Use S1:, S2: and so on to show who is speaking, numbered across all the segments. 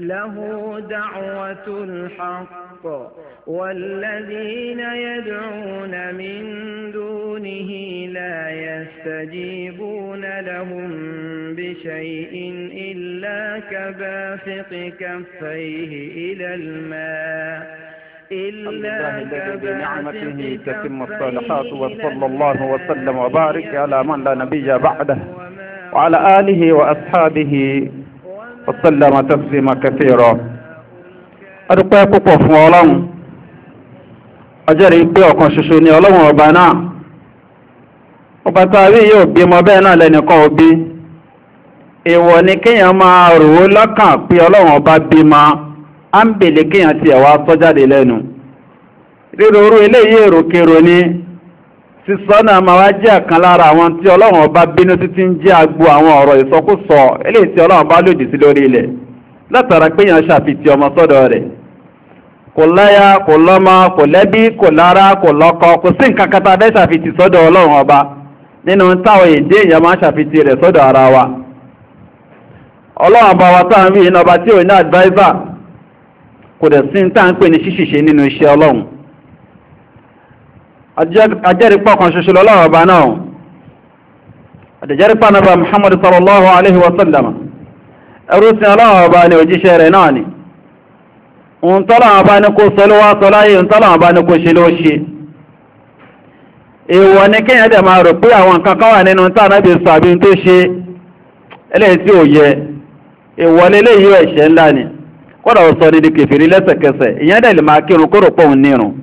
S1: له دعوة الحق والذين يدعون من دونه لا يستجيبون لهم بشيء إلا كباسط كفيه إلى الماء إلا بنعمته تتم الصالحات وصلى الله وسلم وبارك على من لا نبي بعده وعلى آله وأصحابه wasallama taslima kathira adúpẹ́ púpọ̀ fún ọlọ́run ọjọ́rìí pé ọkan ṣoṣo ni ọlọ́run ọba náà ọba tàbí yóò bí mọ náà òbí ni kéèyàn máa rò ó pé ọba bí ma á ń bèlè kéèyàn tiẹ̀ wá sọ jáde lẹ́nu ríro orú eléyìí sísọ náà máa jẹ́ ọ̀kan lára àwọn tí ọlọ́run ọba bínú títí ń jẹ́ agbo àwọn ọ̀rọ̀ ìsọkúsọ eléyìí ọlọ́run bá lòdì sí lórí ilẹ̀ látara pé èèyàn ṣàfihàn ọmọ sọ́dọ̀ rẹ̀ kò láyà kò lọ́mọ kò lẹ́bí kò lára kò lọ́kọ kò sí nǹkan kan tá a ṣàfihàn sọ́dọ̀ ọlọ́run ọba nínú táwọn èdè èèyàn máa ṣàfihàn rẹ̀ sọ́dọ̀ ara wa ọlọ́run ọba wa táwọn ajẹ́rìpọ̀ kan ṣoṣo lọ́lọ́wọ́ bá náà àdìjẹ́rìpọ̀ náà bá Muhammad sallallahu alaihi wasallam ẹrú sí ọlọ́wọ́ bá ní òjíṣẹ́ rẹ̀ náà ni ohun tọ́lọ́wọ́ bá ní kó sọlọ́wọ́ sọláyé ohun tọ́lọ́wọ́ bá ní kó ṣe ló ṣe ni kódà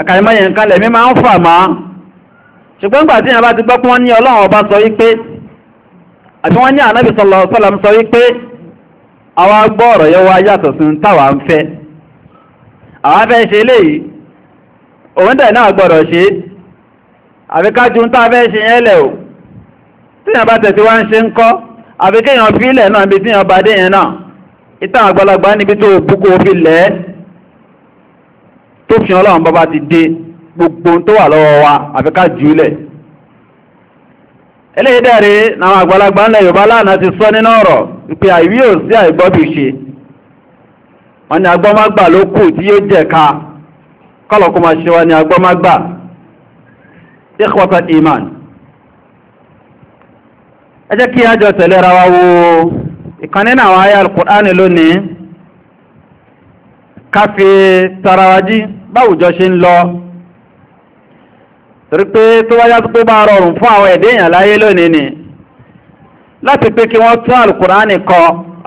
S1: àkàìmọ́yẹ̀ nǹkan lẹ̀mí máa ń fà máa ṣùgbọ́n gbà tí ìyàbá ti gbọ́ pọ́n ní ọlọ́run ọba sọ wípé àti wọ́n ní ànábì sallallahu alaihi wasallam sọ wípé àwa gbọ́ ọ̀rọ̀ yẹ wá yàtọ̀ sí táwa ń fẹ́ àwa fẹ́ ṣe léyìí òun tẹ̀ náà gbọ́dọ̀ ṣe àfi kájú tó fi ọlọ́run bá bá ti dé gbogbo tó wà lọ́wọ́ wa àfi ká jùúlẹ̀ eléyìí dẹ̀rẹ̀ náà àgbàlagbà ńlẹ̀ Yorùbá lánàá ti sọ nínú ọ̀rọ̀ pé àìwí ò sí àìgbọ́bì ṣe wọ́n ní agbọ́mágbà ló kù tí yóò jẹ̀ka kọ́lọ̀kọ́ máa ṣe wá ní agbọ́mágbà ikhwata iman ẹ jẹ́ kí ájọ tẹ̀lera wa wo ìkan nínú àwọn ayé al lónìí káfí báwùjọ ṣe ń lọ torí pé tó wáyá tó bá rọrùn fún àwọn ẹ̀dẹ́ èèyàn láyé ni láti pé kí wọ́n tún alukùránì kọ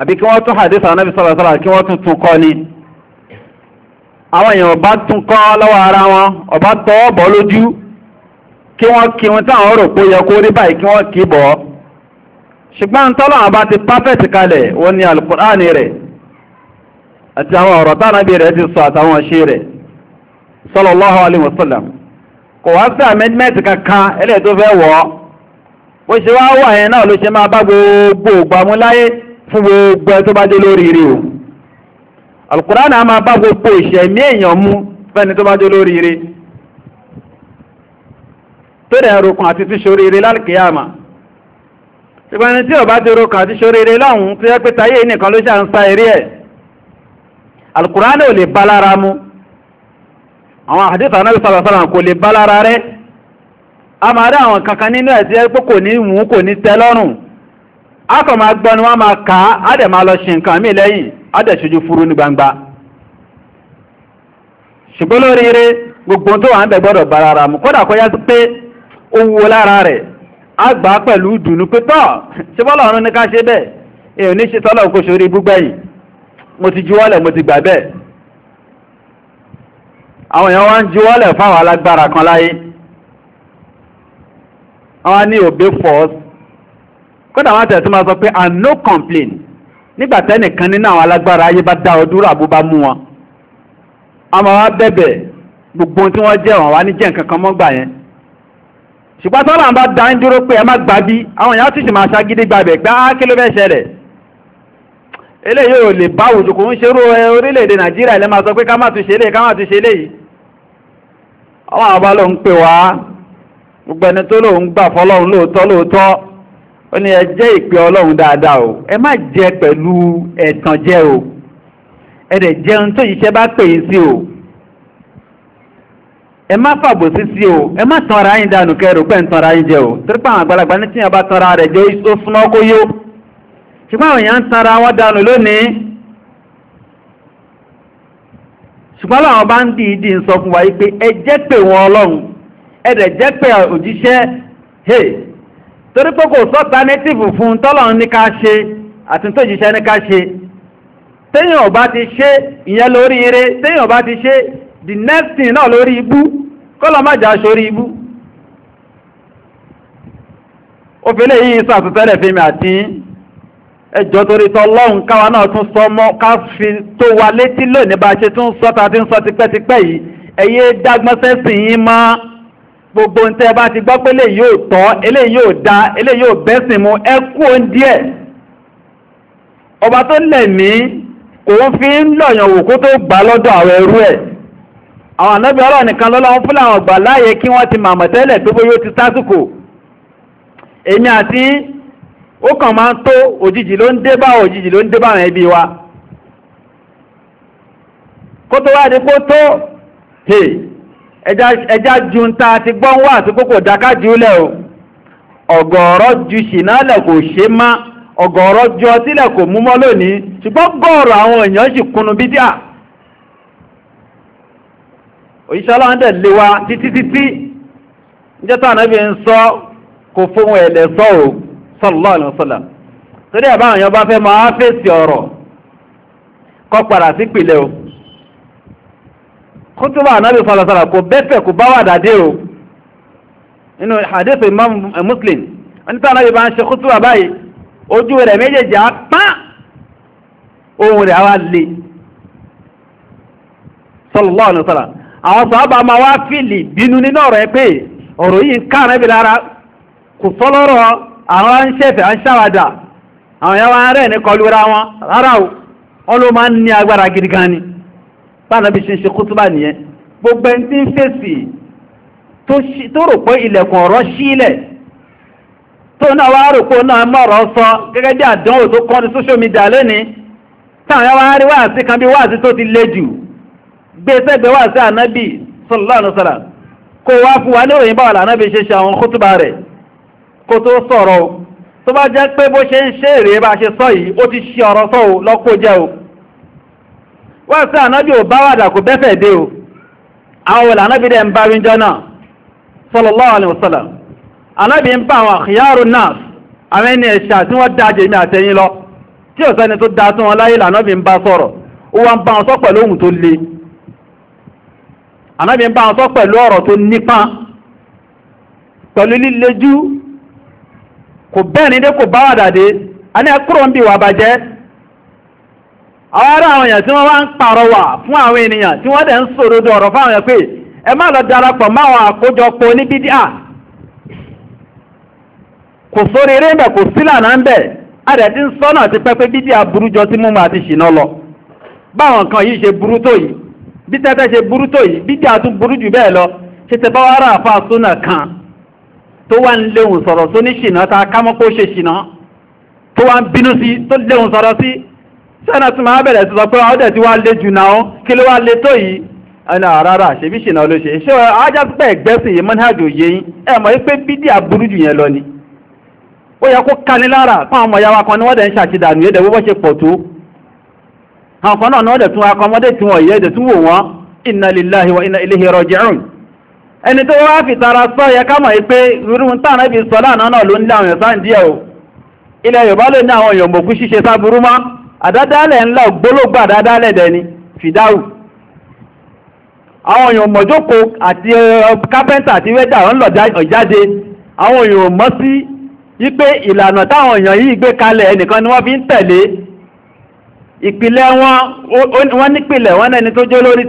S1: àbí kí wọ́n tún hadith anábì sọ̀rọ̀sọ̀rọ̀ kí wọ́n tún tún kọ ni àwọn èèyàn ọba tún kọ́ lọ́wọ́ ara wọn ọba tọ́ bọ́ lójú kí wọ́n kí wọn táwọn rò pé yẹ kó rí báyìí kí wọ́n kí bọ́ ṣùgbọ́n tọ́lọ́ ti kalẹ̀ alukùránì rẹ̀ àti àwọn ọ̀rọ̀ sallallahu alaihi kò wá sí amendment kankan ẹlẹ́ tó fẹ́ wọ́ bó ṣe wá wà náà ló ṣe máa bá gbogbo gbàmúláyé fún gbogbo ẹ tó bá ire o alukurana a máa bá gbogbo ìṣẹ̀mí èèyàn mú fẹ́ni tó bá dé lórí ire tó dẹ̀ rokùn àti ti ṣorí ire lálùkìyàmà tí bá àti ṣorí láhùn tó yẹ pé àwọn àdíta anábi sàrásàrà kò lè bá lára rẹ̀ a máa rí àwọn kankan nínú ẹ̀sí ẹ́ pé kò ní mú kò ní tẹ́ lọ́rùn a kọ̀ máa gbọ́nu wá máa kà á á dẹ̀ máa lọ ṣe nǹkan mí lẹ́yìn á dẹ̀ ṣojú furu ní gbangba ṣùgbọ́n lóríire gbogbo tó wà ń bẹ̀ gbọ́dọ̀ bá lára mu kódà kọjá sí pé ó lára rẹ̀ á gbà á pẹ̀lú dùnú pé tọ́ ṣe bọ́lọ̀ ní ká ṣe bẹ́ẹ̀ àwọn èèyàn wá ń juwọ́lẹ̀ fáwọn alágbára kan láyé àwọn ní obey force kódà wọ́n tẹ̀sí máa sọ pé and no complain nígbà tẹ́nìkan nínú àwọn alágbára ayé bá dá ọdúrà bó bá mú wọn àmọ́ wá bẹ̀bẹ̀ gbogbo tí wọ́n jẹ́ wọn wá ní jẹ́ nǹkan kan mọ́gbà yẹn ṣùgbọ́n tọ́lá ń bá dá ń dúró pé ẹ má gbà bí àwọn èèyàn sì sì máa ṣagídí gbàbẹ̀ gbá ah, kí ló fẹ́ ṣẹlẹ̀ eléyìí ò lè bá òjò ń ṣerú orílẹ̀-èdè nàìjíríà ilẹ̀ máa sọ pé ká má tún ṣe eléyìí ká má tún ṣe eléyìí ọlọ́run ọba ló ń pè wá gbogbo ẹni tó lóun gbà fọlọ́run lóòótọ́ lóòótọ́ ó ní ẹ jẹ́ ìpè ọlọ́run dáadáa o ẹ má jẹ pẹ̀lú ẹ̀tànjẹ o ẹ dẹ̀ jẹun tó yíṣẹ́ bá pè yín sí o ẹ má fàbò sísí o ẹ má tanra yín dànù kẹrù pẹ́ ń tanra yín jẹ o torí pé àwọn àgbàlagbà ní tíyàn bá tanra rẹ̀ jẹ́ ó súná kó yó ṣùgbọ́n àwọn èèyàn ń tanra wọn dànù lónìí ṣùgbọ́n láwọn bá ń dìídì ń sọ fún wa yí pé ẹ jẹ́ pé wọn ọlọ́run ẹ̀dẹ̀ jẹ́ pé òjíṣẹ́ hey torí pé kò sọ́ta ọba ti ṣe ìyẹn lórí eré téèyàn ọba ti ṣe the next thing náà lórí ibú kọ́lọ̀ má jà sórí ibú òfin lè yí sọ ẹjọ́ torí tọlọ́run káwa náà tún sọ mọ́ ká fi tó wa létí lónìí bá a ṣe tún sọ ta ti ń sọ tipẹ́tipẹ́ yìí ẹ̀yẹ dágbọ́nsẹ́sìn yín mọ́ gbogbo ń tẹ́ bá ti gbọ́ pé eléyìí yóò tọ́ eléyìí yóò da eléyìí yóò bẹ́sìn mu ẹ kú òun díẹ̀ ọba tó lẹ̀mí kò ń fi ń lọ̀yàn wò kó tó gbà lọ́dọ̀ àwọn ẹrú ẹ̀ àwọn ànábì ọlọ́run nìkan lọ́lọ́run fún làwọn gbà láàyè kí wọ́n ti màmọ̀ tó bóyá ti sásìkò èmi àti ó kàn máa tó òjijì ló ń dé bá ló ń dé bá àwọn ẹbí wa kó tó wá tó ẹjá ju ń ta ti gbọ́n wà tí kókò dáká jùlẹ̀ o ọ̀gọ̀ọ̀rọ̀ ju ṣìnálẹ̀ kò ṣe má ọ̀gọ̀ọ̀rọ̀ ju ọtílẹ̀ kò mú lónìí ṣùgbọ́n gọ́ọ̀rọ̀ àwọn èèyàn sì kunu òyíṣẹ́ sallallahu alaihi wasallam torí ẹ̀bá àwọn èèyàn bá fẹ́ máa fèsì ọ̀rọ̀ kọ́ padà sí pìlẹ̀ o kútùbà anábì sọ̀rọ̀sọ̀rọ̀ kò bẹ́fẹ̀ kò bá wà dàdé o nínú hadith imam muslim wọ́n títà anábì bá ń ṣe kútùbà báyìí ojú rẹ̀ méjèèjì á pán ohun rẹ̀ wá le sallallahu alaihi wasallam àwọn sọ̀rọ̀ máa wá fìlì bínú nínú ọ̀rọ̀ ẹ pé ọ̀rọ̀ yìí ń ká anábì lára kò sọ́lọ́rọ̀ àwọn aṣẹ́fẹ̀ aṣáwàdà àwọn yàwó arẹ́ ní kọlúra wọn rárá o wọ́n ló máa ń ní agbára gidi gan ni pàdánàbí ṣe ṣe kútúbà nìyẹn gbogbo ẹni tí ń fèsì tó rò pé ilẹ̀kùn ọ̀rọ̀ sílẹ̀ tó náà wá rò pé náà mọ̀rọ̀ sọ gẹ́gẹ́ bí àdánwò tó kọ́ ní social media lónìí táwọn yàwó arẹ́ wáàsí kan bí wáàsí tó ti le sallallahu alaihi wasallam kó wá fún wa ní òyìnbá wà kó tó sọ̀rọ̀ o tó bá jẹ́ pé bó ṣe ń ṣe èrè bá ṣe sọ yìí ó ti ṣe ọ̀rọ̀ sọ lọ́kó jẹ́ o wọ́n sí ànábì ò bá wàdà kò bẹ́fẹ̀ dé o àwọn wòlà ànábì dẹ̀ ń bá ríjọ náà alaihi wasallam ànábì ń bá àwọn khiyaru nas àwọn ẹni ẹ̀ṣà tí wọ́n dá jèmi àtẹ̀yìn lọ tí ò sẹ́ni tó dá tún wọn láyé lànábì ń bá sọ̀rọ̀ ó pẹ̀lú ohun kò bẹ́ẹ̀ ní kò bá dàdé a ní ẹkùrọ̀ ń bí wà bàjẹ́ àwọn àwọn èèyàn tí wọ́n wá ń pàrọwà fún àwọn ènìyàn tí wọ́n dẹ̀ ń sòrodo ọ̀rọ̀ fáwọn èèyàn pé ẹ má lọ darapọ̀ máwọn àkójọpọ̀ ní kò sórí eré ńbẹ̀ kò sí lànà ńbẹ̀ sọ́nà ti bídíà burú jọ sí múmu àti ṣìnà lọ báwọn tó wá ń léhùn sọ̀rọ̀ tó ní ṣìnà ta kámọ́ kó ṣe ṣìnà tó wá ń bínú sí tó léhùn sọ̀rọ̀ sí sẹ́nà tí máa bẹ̀rẹ̀ sí sọ pé ọdẹ̀ tí wá lé jù náà kí ló wá lé tó yìí ẹni àrárá ah, ṣèbí ṣìnà ló ṣe ṣé ajá pẹ́ ẹ̀gbẹ́sìn yìí mọ́nájò yé yín ẹ mọ̀ pé bídí àbúrú jù yẹn lọ ni ó yẹ kó kani lára fún àwọn ọmọ kan ni wọ́n dẹ̀ ń ṣàṣìdànù yẹ́dẹ̀ wọ́n ṣe pọ̀ tó àwọn kan náà ni wọ́n dẹ̀ tún akọmọdé tí wọ́n yẹ́dẹ̀ tún wò wọ́n inna lillahi wa inna ilayhi raji'un ẹni tó wá fi tara sọ yẹ ká mọ̀ pé irun tààrà ibi sọ na náà ló ń lé àwọn ẹ̀sán o ilẹ̀ Yorùbá lè ní àwọn èèyàn ṣíṣe sáburú mọ́ àdádálẹ̀ ńlá gbólógbò àdádálẹ̀ dẹni fìdáwù àwọn èèyàn àti kápẹ́ntà àti wẹ́dà ń lọ jáde àwọn èèyàn sí wípé ìlànà táwọn èèyàn yìí gbé kalẹ̀ ẹnìkan ni wọ́n fi ń tẹ̀lé ìpìlẹ̀ wọn nípìlẹ̀ wọn ẹni tó jẹ́ lórí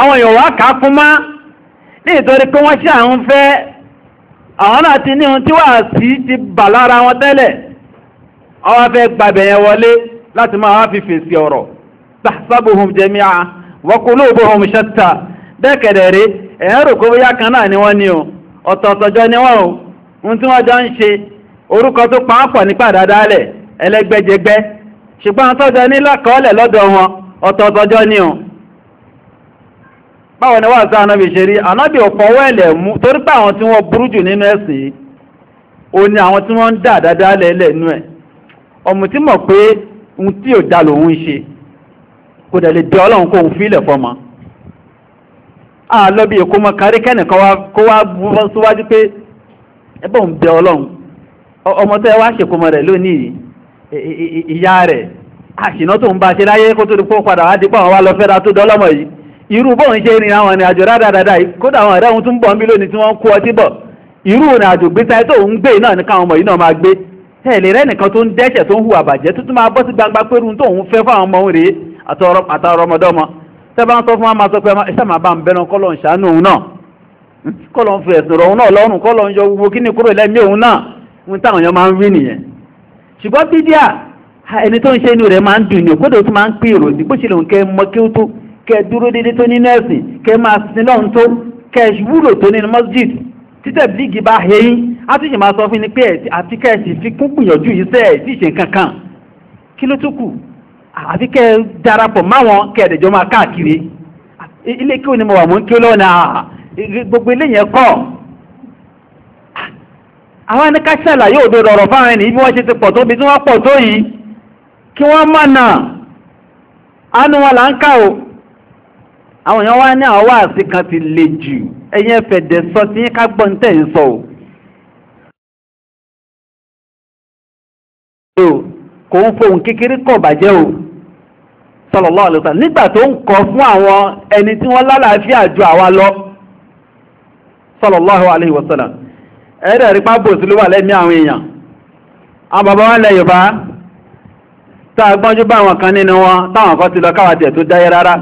S1: àwọn èèyàn wá kàá fún má ní ìtorí pé wọ́n ṣe àwọn fẹ́ àwọn náà ti ní tí wà sí ti bà lára wọn tẹ́lẹ̀ ọwọ́ fẹ́ gbàbẹ̀ wọlé láti máa wá fi fèsì ọ̀rọ̀ tahsabuhum jami'a wa qulubuhum ẹ̀yẹ́ kan náà ni wọ́n ní o ọ̀tọ̀ọ̀tọ̀jọ́ ni wọ́n o ohun báwọn ni wà sí anábì ṣe rí anábì ọ̀fọwọ́ ẹ̀lẹ̀ mú torí pé àwọn tí wọ́n burú jù nínú ẹ̀sìn o ní àwọn tí wọ́n ń dà dáadáa lẹ́lẹ̀ inú ẹ̀ ọmọ tí mọ̀ pé ohun tí ò dá lòun ń ṣe kò dẹ̀ lè dé ọlọ́run kó òun fílẹ̀ fọmọ àlọ́bí èkó mọ kárí kẹ́nìkan kó wá bọ́ síwájú pé ẹbọ̀ ń bẹ ọlọ́run ọmọ tó ẹ wá ṣèkómọ rẹ̀ lónìí ìyá rẹ̀ àṣìná tó ń bá ṣe láyé kó tó di pọ́ padà wá dípọ̀ àwọn wá lọ fẹ́ra tó dọ́lọ́mọ yìí irú bọ́ọ̀ ń ṣe ìrìn àwọn ìrìnàjò rádáadáa kódà àwọn ọ̀rẹ́ ohun tún bọ̀ ń bí lónìí tí wọ́n kó ọtí bọ̀ irú ìrìnàjò gbésáyé tó ń gbé náà ní káwọn ọmọ yìí náà máa gbé ẹ̀lẹ́ rẹ̀ nìkan tó ń dẹ́ṣẹ̀ tó ń hùwà bàjẹ́ tó tún máa bọ́ sí gbangba pẹ̀lú tó ń fẹ́ fáwọn ọmọ rèé àtàwọn ọmọdọ́mọ tẹ́bá ń sọ fún wa máa sọ pé ẹ̀ṣẹ̀ máa bá ń ẹni tó ń ṣe inú rẹ̀ máa ń dùn ní kódò tó máa ń pín ìròyìn bó ṣe lòun mọ́ kí ó tó kẹ dúró dédé tó nínú ẹ̀sìn kẹ máa sin lọ́hun tó kẹ wúlò tó nínú masjid títẹ̀ bílígì bá heyín á sì máa sọ fún ni pé àti kẹ́ẹ̀sì fi kún gbìyànjú yìí sẹ́ẹ̀ sì ṣe nǹkan kan kí ló tó kù àfi kẹ́ darapọ̀ máwọn kẹ́ẹ̀dẹ̀jọ́ máa káàkiri ilé kí o ní mo wà mú kí o lọ́nà gbogbo ilé yẹn kọ́ àwọn ẹni ká ṣàlàyé òdodo ọ̀rọ̀ fáwọn ẹni bí wọ́n ṣe ti pọ̀ tó bí tí wọ́n pọ̀ tó yìí kí wọ́n mọ̀nà ánú wọn là ń kà o àwọn èèyàn wá ní àwọn wáàsí kan ti le jù ẹ̀yẹn fẹ̀dẹ̀ sọ tí yín ká gbọ́n tẹ̀ ń sọ o kò ń fohùn kékeré kọ̀ bàjẹ́ o sallallahu alaihi wasallam nígbà tó ń kọ fún àwọn ẹni tí wọ́n lálàáfíà ju àwa lọ sallallahu alaihi wasallam ẹ̀rẹ̀ rí pábò sí ló wà lẹ́mí àwọn èèyàn àwọn bàbá wọn lẹ Yorùbá tá a gbọ́njú bá àwọn kan nínú wọn táwọn kan ti lọ káwàtẹ̀ tó dáyé rárá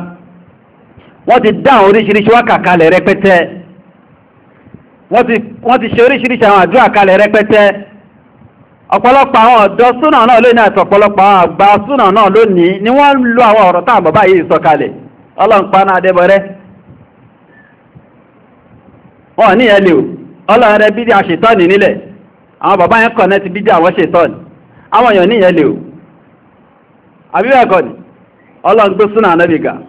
S1: wọ́n ti dá àwọn oríṣiríṣi wákà kalẹ̀ rẹpẹtẹ wọ́n ti ṣe oríṣiríṣi àwọn àdúrà kalẹ̀ rẹpẹtẹ ọ̀pọ̀lọpọ̀ àwọn ọ̀dọ́ súnà náà lónìí àti ọ̀pọ̀lọpọ̀ àwọn àgbà súnà náà lónìí ni wọ́n ń lo àwọn ọ̀rọ̀ tá bàbá yìí kalẹ̀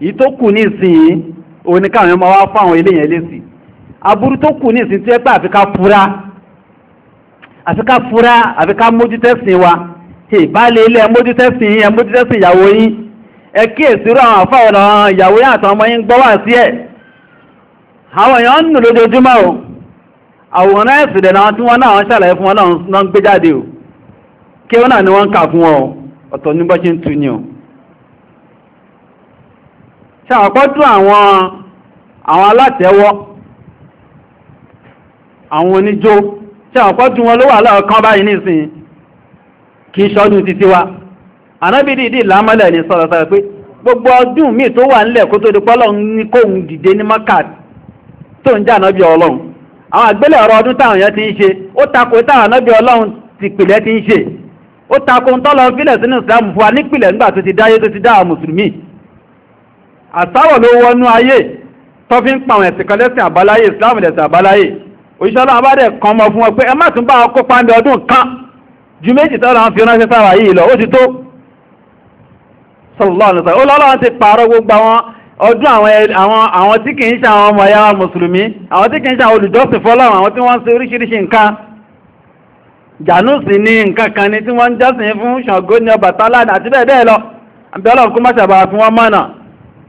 S1: yìí tó kù ní ìsinyìí òun ni káwọn ọmọ wa fáwọn ilé yẹn lésì aburú tó kù ní ìsìn tí ẹ pé àfi ká fura àfi ká fura àfi ká mójútẹ́sìn wa ìbálẹ̀ ilé ẹ mójútẹ́sìn yín ẹ mójútẹ́sìn ìyàwó yín ẹ kíyèsí rú àwọn àfáwọn ìyàwó yín àtàwọn ọmọ yín gbọ́ wà sí ẹ̀ àwọn èèyàn ń nù lójoojúmọ́ o àwòrán ẹ̀sìn dẹ̀ náà tí wọ́n náà ṣàlàyé fún wọn náà ń gbé jáde o kí wọ́n náà ni wọ́n ń kà fún wọn ọ̀tọ̀ nígbọ́ ṣe ń tu ni o ṣàkọ́dún àwọn àwọn alátẹ́wọ́ àwọn oníjó ṣàkọ́dún wọn ló wà lọ́ọ̀kan báyìí nísìn kì í ṣọdún títí wa anábìdì ìdí ìlàmọ́lẹ̀ ní sọ̀rọ̀sọ̀rọ̀ pé gbogbo ọdún míì tó wà nílẹ̀ kó tó di pọ́lọ̀ ní kóhun dìde ní mọ́kà tó ń jà náàbí ọlọ́run àwọn àgbélẹ̀ ọ̀rọ̀ ọdún táwọn èèyàn ti ń ṣe ó tako táwọn náàbí àsárọ̀ ló wọnú ayé tó fi ń pa àwọn ẹ̀sìn kan lẹ́sìn àbáláyé islam lẹ́sìn àbáláyé òṣìṣẹ́ ọlọ́run bá dẹ̀ kan mọ fún wọn pé ẹ má tún bá wọn kópa ní ọdún kan ju méjì tọ́lá ń fi ránṣẹ́ sára yìí lọ ó ti tó sallallahu alaihi wasallam ọlọ́run ti pààrọ̀ gbogbo àwọn ọdún àwọn tí kìí ṣe àwọn ọmọ ẹ̀yà mùsùlùmí àwọn tí kìí ṣe àwọn olùjọ́sìn fọ́lọ́run àwọn tí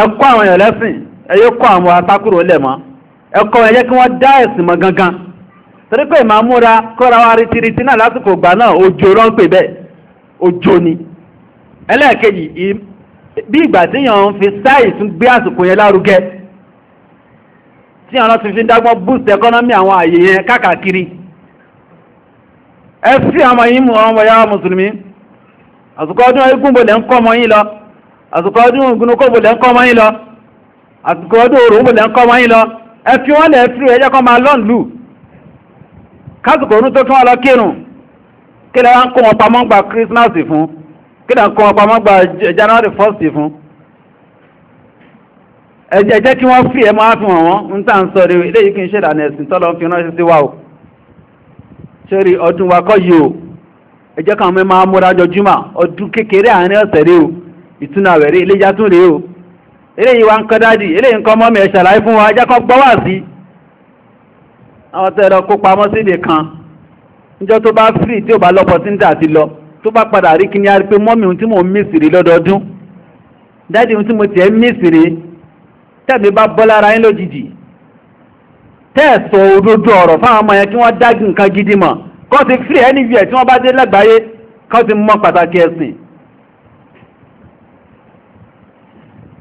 S1: ẹkọ́ àwọn èèyàn lẹ́sìn ẹyọ́ kọ́ àwọn atákùrò lẹ̀ mọ́ ẹkọ́ ẹyẹ́ kí wọ́n dá ẹ̀sìn mọ́ gangan torí pé ìmá múra kọ́ra náà lásìkò ìgbà náà òjò rán pè bẹ́ẹ̀ òjò ni ẹlẹ́ẹ̀kejì bí ìgbà tí yàn ń fi sáì tún gbé fi dágbọ́n boost economy àwọn àyè yẹn káàkiri ẹ àwọn yìí mú ọmọ yàrá mùsùlùmí àsìkò ọdún àsìkò ọdún ògùnukọ́ bòlẹ̀ ń kọ́ mọ́ yín lọ àsìkò ọdún òrùn bòlẹ̀ ń kọ́ mọ́ yín lọ ẹ fi wọ́n lẹ̀ fi ẹjẹ́ kan máa lọ́n lù kásìkò orún tó tún wà lọ kí lẹ́ ń kó wọn pamọ́ gba Christmas fún kí lẹ́ ń kó wọn pamọ́ gba January 1st fún ẹjẹ́ jẹ́ kí wọ́n fi ẹ máa fi wọ̀n wọ́n ń tà ń sọ rí eléyìí kí n ṣèdà ní ẹ̀sìn tọ́lọ fi ránṣẹ́ sí wa o ṣe rí ọdún wa kọ́ yìí o ẹjẹ́ kan mẹ́ máa múra jọjúmọ́ ọdún kékeré àárín ọ̀sẹ̀ rí o ìtúnú àwẹ̀ rí iléyá tún rèé o eléyìí wa ń kọ́ dádì eléyìí nǹkan mọ́mí ẹ̀ ṣàlàyé fún wa ajá kan gbọ́ wà sí àwọn tẹ́ẹ̀rọ kó pamọ́ síbì kan níjọ́ tó bá fìrì tí ò bá lọ́pọ̀ tí ń dà ti lọ tó bá padà rí kí ni a rí pé mọ́mí ohun tí mò ń mísìrí lọ́dọọdún dádì ohun tí mo tiẹ̀ ń mísìrí tẹ̀mí bá bọ́ lára yín lójijì tẹ́ẹ̀sọ òdodo ọ̀rọ̀ fáwọn ọmọ yẹn kí wọ́n dágì nǹkan gidi mọ̀ kọ́ ti fìrì ẹni yẹ̀ tí wọ́n bá dé lágbàáyé kọ́ ti mọ pàtàkì ẹ̀sìn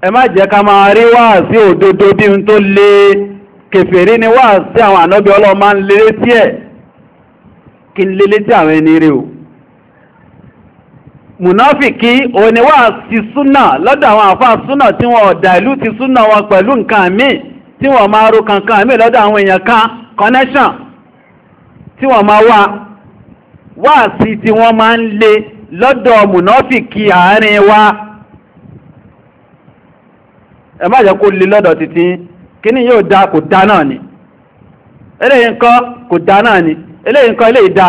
S1: ẹ má jẹ́ ká máa rí wáàsí òdodo bí n tó lé kèfèrí ni wáàsí àwọn ànábí ọlọ́run máa ń lélé tí ẹ̀ kí n lélé tí àwọn ẹni rẹ̀ o mùnáfìkí òun ni wáàsí súnà lọ́dọ̀ àwọn àfáà súnà tí wọ́n ọ̀dà ìlú ti súnà wọn pẹ̀lú nǹkan míì tí wọ́n máa ro kankan míì lọ́dọ̀ àwọn èèyàn kan connection tí wọ́n máa wá wáàsí tí wọ́n máa ń lé lọ́dọ̀ mùnáfìkí àárín wa ẹ má jẹ́ kó lè lọ́dọ̀ títí kíní yóò dá kò dá náà ni eléyìí nǹkan kò dá náà ni eléyìí nǹkan eléyìí dá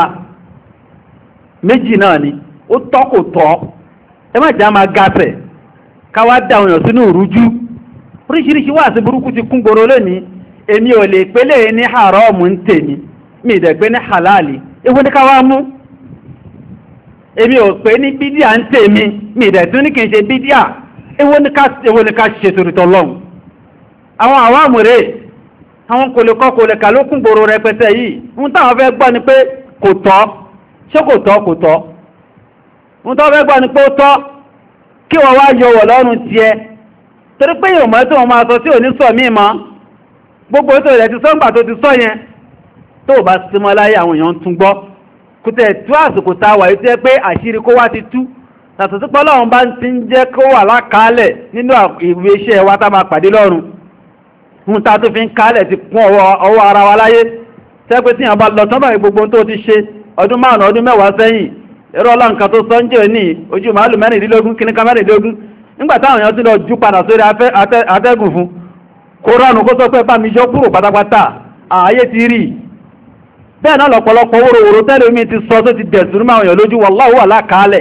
S1: méjì náà ni ó tọ́ kò tọ́ ẹ jẹ́ máa gafẹ̀ káwá dá àwọn sínú ìrújú oríṣiríṣi wáàsí burúkú mi ní halali ewu ní káwá mú èmi ò pé ní bídíà ń tèmi mi Ewo ni ká èwo ni ká ṣe torítọ̀ lọ́hùn àwọn àwámù rẹ̀ àwọn kò lè kọ́ kò lè kà lókùn gbòòrò rẹpẹtẹ yìí ń táwọn fẹ́ gbọ́ ni pé kò tọ́ ṣé kò tọ́ kò tọ́ ń tọ́ fẹ́ gbọ́ ni pé ó tọ́ kí wọ́n wá yọ wọ̀ lọ́rùn tiẹ̀ torí pé yóò mọ̀ tí wọ́n máa sọ tí ò sọ míì mọ́ gbogbo ètò ìrẹ̀ ti sọ́ǹgbà tó ti sọ yẹn tó bá símọ́ láyé àwọn èèyàn ń tún gbọ́ kùtẹ̀ tú àsìkò tá yìí tó yẹ pé àṣírí kó wá ti tú yàtọ̀ sí pọ́lọ́run bá ti ń jẹ́ kó wà lákàálẹ̀ nínú ìwé iṣẹ́ wa tá máa pàdé lọ́run ń ta tó fi ń kálẹ̀ ti kún ọwọ́ ara wa láyé tẹ́pẹ́ tí àbá lọ tọ́bà gbogbo tó ti ṣe ọdún márùn ọdún mẹ́wàá sẹ́yìn ẹ̀rọ ọlọ́nkan tó sọ ń jẹ́ ní ojú màálù mẹ́rìndínlógún lọ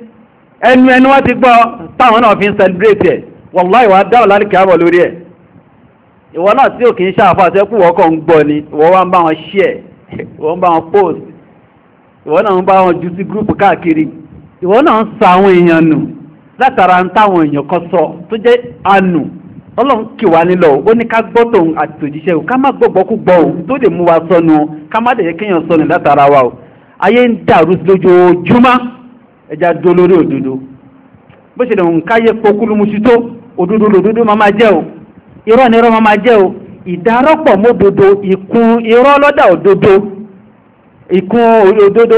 S1: ẹnu ẹnu wọ́n ti gbọ́ táwọn náà fi ń celebrate ẹ̀ wọ́nlá ìwà dáwọ̀ lálùkẹ́ àbọ̀ lórí ẹ̀ ìwọ náà tí ò kì í ṣàfà sẹ́kù wọ́kọ̀ ń gbọ́ ni ìwọ wá ń bá wọn share ìwọ ń bá wọn post ìwọ náà ń bá wọn jù sí group káàkiri ìwọ náà ń sa àwọn èèyàn nù látara ń èèyàn kan sọ tó jẹ́ àánú ọlọ́run kì ẹja dó lórí òdodo bó ṣe lòun káyé pokúlùmùsí tó òdodo lòdodo máa máa jẹ́ o irọ́ ni irọ́ máa máa jẹ́ o ìdárọ́pọ̀ mọ́dodo ìkun irọ́ lọ́dà òdodo ìkun òdodo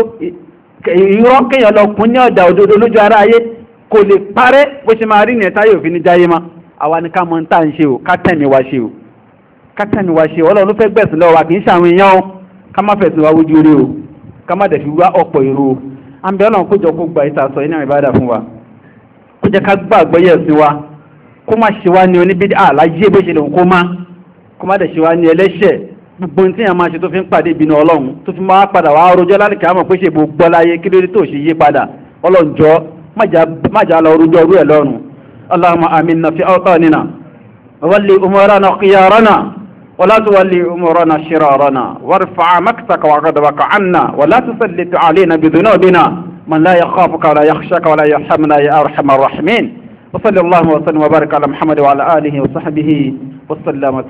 S1: irọ́ kéèyàn lọ kún ní ọ̀dà òdodo lójú ara ayé kò lè parẹ́ bó ṣe máa rí nìyẹn táyé òfin ní jáyé má àwa ni ká mọ ń tà ń ṣe o ká tẹ̀mí wa ṣe o ká tẹ̀mí wa ṣe o ọlọ́run fẹ́ gbẹ̀sìn lọ́wọ́ wa kì í ṣàwọn èèyàn o ká má fẹ̀sìn wa wójú rí o ká má dẹ̀ fi wá ọ̀pọ̀ èrò o àmì ọlọ́run kó jọ kó gba ìta sọ iná ìbádà fún wa kó jẹ́ ká gbà àgbọ́yé ẹ̀sìn wa kó má ṣe wá ní oníbídí àláyé bó ṣe lè kó má kó má dẹ̀ ṣe wá ní ẹlẹ́ṣẹ̀ gbogbo tí èèyàn máa ṣe tó fi ń pàdé ìbínú ọlọ́run tó fi máa padà wá rojọ́ lálùkẹ́ àmọ̀ pé ṣe bò gbọ́ kí lórí tó ṣe yí padà ọlọ́run jọ má jà lọ rojọ́ orú ẹ̀ lọ́rùn Allahumma aminna fi awtanina wa walli umurana khiyarana ولا تولي أمورنا شرارنا وارفع مكتك وغضبك عنا ولا تسلط علينا بذنوبنا من لا يخافك ولا يخشك ولا يرحمنا يا أرحم الراحمين وصلى الله وسلم وبارك على محمد وعلى آله وصحبه وسلم